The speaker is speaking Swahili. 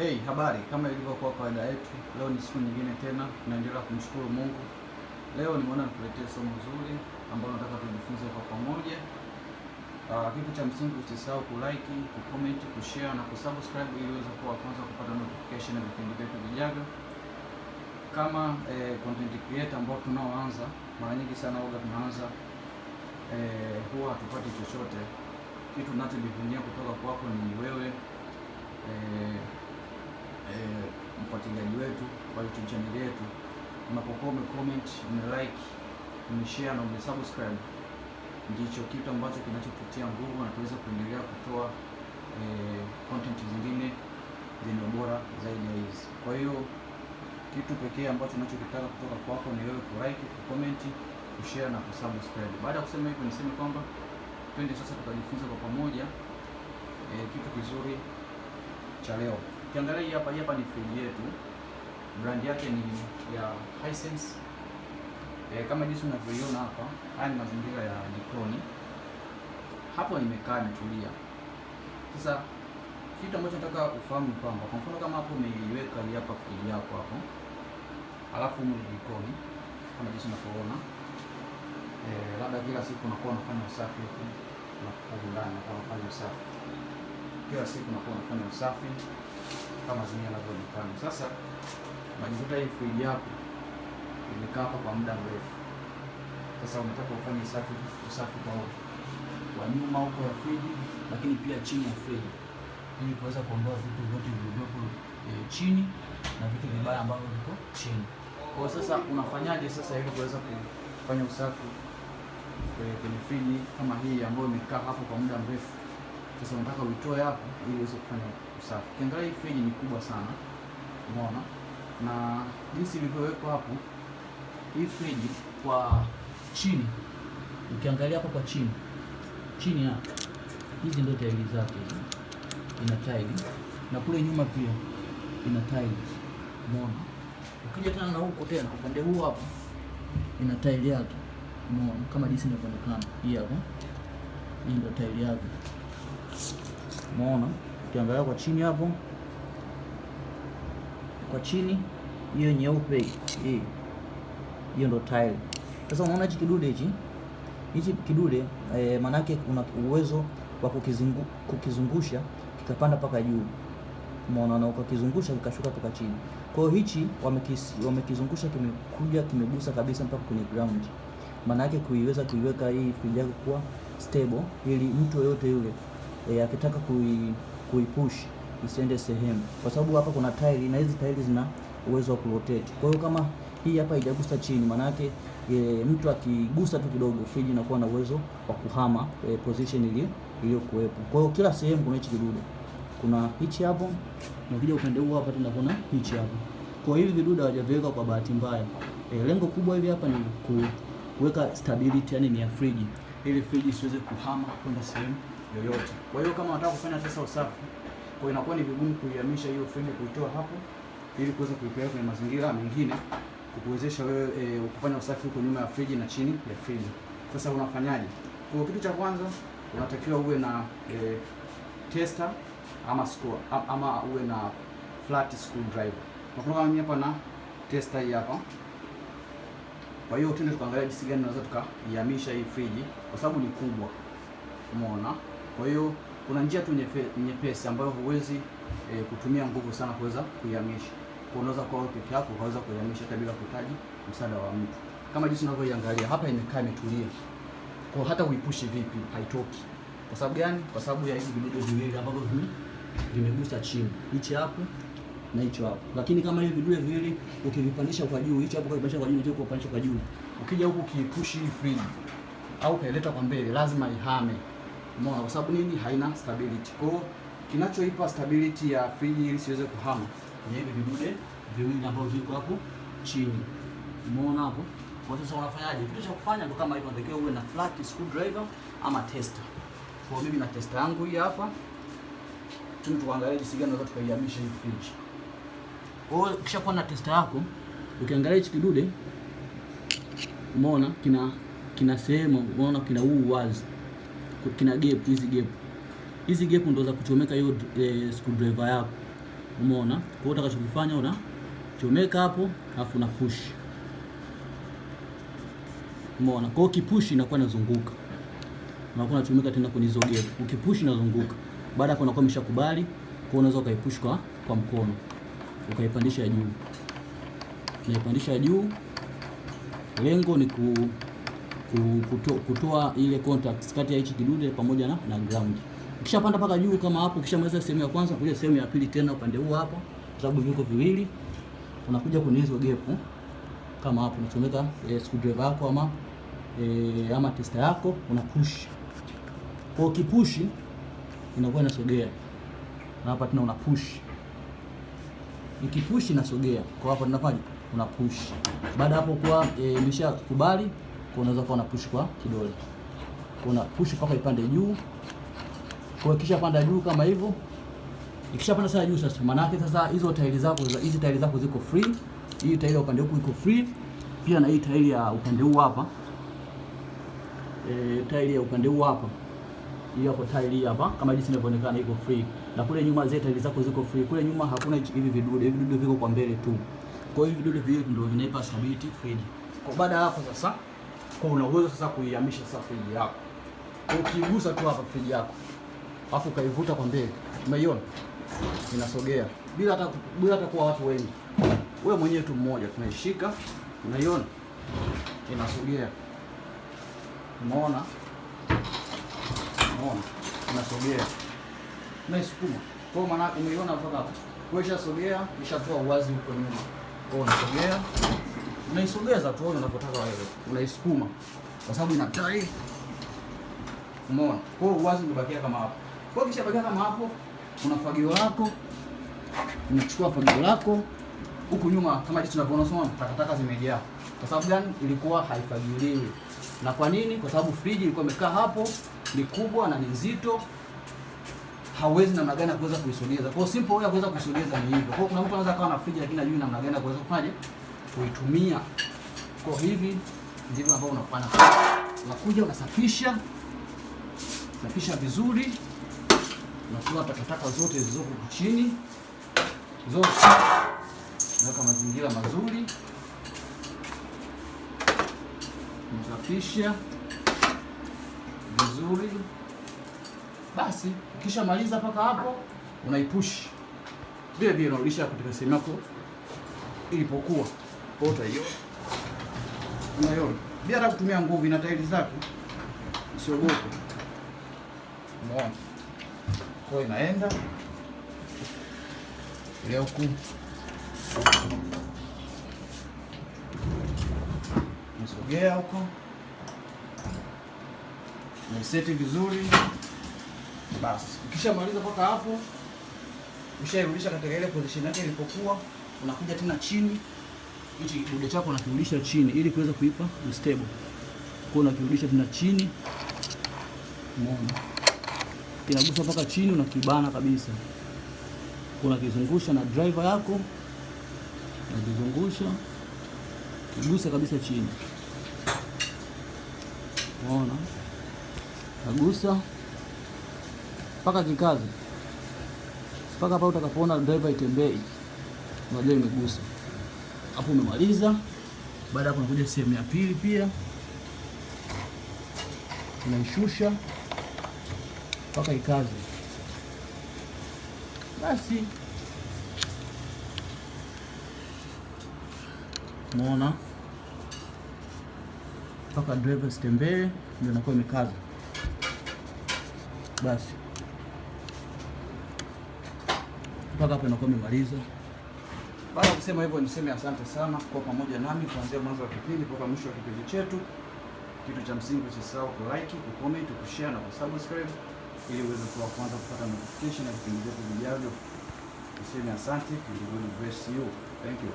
Hey, habari. Kama ilivyokuwa kawaida yetu, leo ni siku nyingine tena tunaendelea kumshukuru Mungu. Leo nimeona nikuletee somo zuri ambalo nataka tujifunze kwa pamoja. Uh, kitu cha msingi usisahau ku ku like, comment, ku share na ku subscribe ili uweze kuwa kwanza kupata notification ya vipindi vyetu vijavyo. Kama eh, content creator ambao tunaoanza, mara nyingi sana huwa tunaanza eh, huwa hatupati chochote. Kitu tunachojivunia kutoka kwako ni wewe eh, eh, mfuatiliaji wetu kwa YouTube channel yetu, unapokuwa like ume share na subscribe, ndicho kitu ambacho kinachotutia nguvu na tuweze kuendelea kutoa eh, content zingine zenye ubora zaidi ya hizi. Kwa hiyo kitu pekee ambacho tunachokitaka kutoka kwako ni wewe comment ku share na subscribe. Baada ya kusema hivyo, niseme kwamba twende sasa tukajifunza kwa pamoja eh, kitu kizuri cha leo. Ukiangalia hii hapa, hii hapa ni fridge yetu, brand yake ni ya Hisense. E, kama jinsi unavyoiona hapa, haya ni mazingira ya jikoni. Hapo nimekaa nitulia. Sasa kitu ambacho nataka ufahamu kwamba kwa mfano kama hapo umeiweka hii hapa fridge yako hapo, alafu ume jikoni kama jinsi unavyoona e, labda kila siku unakuwa unafanya usafi huko na kufunga ndani unakuwa unafanya usafi kila siku unakuwa unafanya usafi kama zenyewe yanavyoonekana. Sasa unakuta hii friji yako imekaa hapa kwa muda mrefu, sasa unataka ufanye usafi, usafi kwa kwa nyuma huko ya friji, lakini pia chini ya friji, ili kuweza kuondoa vitu vyote vilivyopo e, chini na vitu vibaya ambavyo viko chini. Kwa sasa unafanyaje sasa ili kuweza kufanya usafi e, kwenye friji kama hii ambayo imekaa hapo kwa muda mrefu? Sasa unataka uitoe hapo ili uweze kufanya usafi. Ukiangalia hii friji ni kubwa sana, umeona, na jinsi ilivyowekwa hapo, hii friji kwa chini, ukiangalia hapo kwa chini chini ya hizi ndio tairi zake, ina tairi na kule nyuma pia ina tairi, umeona. Ukija tena na huko tena upande huu hapo, ina tairi yake, umeona, kama jinsi inavyoonekana hii hapa, hii ndio tairi yake. Umeona, ukiangalia kwa chini hapo, kwa chini hiyo nyeupe hii, hiyo ndo tile. Sasa unaona hichi kidude hichi hichi kidude eh, manake una uwezo wa kukizungu, kukizungusha kikapanda mpaka juu, umeona, na ukakizungusha kikashuka mpaka chini. Kwa hiyo hichi wamekizungusha wame kimekuja kimegusa kabisa mpaka kwenye ground, maana yake kuiweza kuiweka hii friji yako kuwa stable, ili mtu yoyote yule e, akitaka kui, kuipush isiende sehemu, kwa sababu hapa kuna tile na hizi tile zina uwezo wa kurotate. Kwa hiyo kama hii hapa haijagusa chini, maana yake e, eh, mtu akigusa tu kidogo friji inakuwa na uwezo wa kuhama e, position ili iliyokuwepo. Kwa hiyo kila sehemu kuna hichi kidude, kuna hichi hapo, na ukija upande huu hapa tena kuna hichi hapo. Kwa hivi vidude hawajaviweka kwa bahati mbaya. E, lengo kubwa hivi hapa ni kuweka stability yani ni ya friji ili friji isiweze kuhama kwenda sehemu yoyote. Kwa hiyo kama unataka kufanya sasa usafi, kwa inakuwa ni vigumu kuihamisha hiyo fremu, kuitoa hapo ili kuweza kuipeleka kwenye mazingira mengine kukuwezesha wewe e, kufanya usafi huko nyuma ya friji na chini ya friji. Sasa unafanyaje? Kwa kitu cha kwanza unatakiwa uwe na e, tester ama score, ama uwe na flat screwdriver. Kwa kama mimi hapa na tester hii hapa. Kwa hiyo tuende tukaangalia jinsi gani tunaweza tukaihamisha hii friji kwa sababu ni kubwa. Umeona? Kwa hiyo kuna njia tu nyepesi ambayo huwezi e, kutumia nguvu sana kuweza kuihamisha. Unaweza kwa peke yako ukaweza kuihamisha hata bila kuhitaji msaada wa mtu. Kama jinsi unavyoiangalia hapa, imekaa imetulia, kwa hata uipushi vipi haitoki. Kwa sababu gani? Kwa sababu ya hizi vidudu viwili ambavyo vimegusa chini, hichi hapo na hicho hapo. Lakini kama hiyo vidudu viwili ukivipandisha kwa juu, hicho hapo ukipandisha kwa juu, hicho kwa ukipandisha kwa juu, ukija huku ukiipushi hii friji au kaileta kwa mbele, lazima ihame. Umeona, kwa sababu nini? Haina stability. Kwa hiyo kinachoipa stability ya friji ili siweze kuhama ni hivi vidude viwili ambavyo viko hapo chini. Umeona hapo? Kwa sasa unafanyaje? Kitu cha kufanya ndio kama hivyo, ndio uwe na flat screwdriver ama tester. Kwa mimi na tester yangu hii hapa. Tuni tuangalie jinsi gani tunaweza tukaihamisha hii friji. Kwa hiyo kisha kuwa na tester yako, ukiangalia hichi kidude umeona kina kina sehemu, unaona kina huu wazi kina gap, hizi gap hizi gap ndio za kuchomeka hiyo eh, screwdriver yako, umeona. Kwa hiyo utakachokifanya una chomeka hapo, alafu na push, umeona. Kwa hiyo ukipush inakuwa inazunguka, kuna chomeka tena kwenye hizo gap, ukipush inazunguka. Baada hapo unakuwa umeshakubali, kwa unaweza ukaipush kwa kwa mkono, ukaipandisha juu, unaipandisha juu, lengo ni ku kutoa ile contacts kati ya hichi kidude pamoja na, na ground. Ukishapanda paka juu kama hapo, ukishamaliza sehemu ya kwanza, kuja sehemu ya pili tena upande huu hapo, kwa sababu viko viwili, unakuja kwenye hizo gepu kama hapo, unachomeka eh, screwdriver yako ama eh, ama testa yako, una push kwa ukipushi, inakuwa inasogea na hapa tena una push, ikipush inasogea kwa hapo, tunafanya una push. Baada hapo kwa eh, imeshakubali e, kwa unaweza kuwa unapush kwa kidole, kuna push mpaka ipande juu. Kwa kisha panda juu kama hivyo, ikisha panda sana juu, sasa maana yake sasa hizo tairi zako hizi tairi zako ziko free. Hii tairi ya upande huku iko free pia, na hii tairi ya upande huu hapa e, tairi ya upande huu hapa hii hapo tairi hapa kama jinsi inavyoonekana iko free, na kule nyuma zile tairi zako ziko free. Kule nyuma hakuna hivi vidude, hivi vidude viko kwa mbele tu. Kwa hiyo hivi vidude vile ndio vinaipa stability free. Kwa baada ya hapo sasa kwa una uwezo sasa kuihamisha sasa friji yako. Ukigusa tu hapa friji yako alafu ukaivuta kwa mbele, umeiona inasogea bila hata bila hata kuwa watu wengi, wewe mwenyewe tu mmoja, tunaishika, unaiona inasogea, unaona, unaona inasogea, naisukuma kwa maana umeiona mpaka hapo, wewe ishasogea, ishatoa uwazi huko nyuma, kwa unasogea unaisogeza tuone unapotaka wewe, unaisukuma kwa sababu ina tai. Umeona? Kwa hiyo uwazi unabakia kama hapo. Kwa kisha bakia kama hapo, una fagio lako, unachukua fagio lako huku nyuma, kama jinsi tunavyoona, soma takataka zimejaa. Kwa sababu gani? Ilikuwa haifagiliwi. Na kwa nini? Kwa sababu friji ilikuwa imekaa hapo, ni kubwa na ni nzito, hawezi namna gani kuweza kuisogeza. Kwa hiyo simple way ya kuweza kuisogeza ni hivyo. Kwa hiyo kuna mtu anaweza kawa na friji lakini hajui namna gani ya kuweza kufanyaje kuitumia. Kwa hivi ndivyo ambavyo unakuwa na, unakuja unasafisha safisha vizuri, unatoa takataka zote zilizoko chini zote, unaweka mazingira mazuri, unasafisha vizuri. Basi ukishamaliza mpaka hapo, unaipush vile vile, unarudisha katika sehemu yako ilipokuwa. Kwa hiyo Unaiona? Bila hata kutumia nguvu ina tairi zake. Usiogope. Unaona? Kwa inaenda. Ile huku. Nasogea huko. Niseti vizuri. Basi, ukishamaliza mpaka hapo, ushairudisha katika ile position yake ilipokuwa, unakuja tena chini hichi kidude chako unakirudisha chini ili kuweza kuipa stable. Kwa unakirudisha tena chini, umeona kinagusa mpaka chini, unakibana kabisa. Kwa unakizungusha na driver yako, unakizungusha kigusa kabisa chini, umeona nagusa mpaka kikazi, mpaka hapa utakapoona driver itembei, unajua imegusa hapo umemaliza. Baada ya hapo, unakuja sehemu ya pili, pia unaishusha mpaka ikaze. Basi mona mpaka driver sitembee, ndio inakuwa imekaza. Basi mpaka hapo inakuwa imemaliza. Baada ya kusema hivyo, niseme asante sana kwa pamoja nami kuanzia mwanzo wa kipindi mpaka mwisho wa kipindi chetu. Kitu cha msingi usisahau comment, ku share na kusubscribe ili uweze kuwa kwanza kupata notification ya vipindi vyetu vijavyo. Niseme asante, God bless you. Thank you.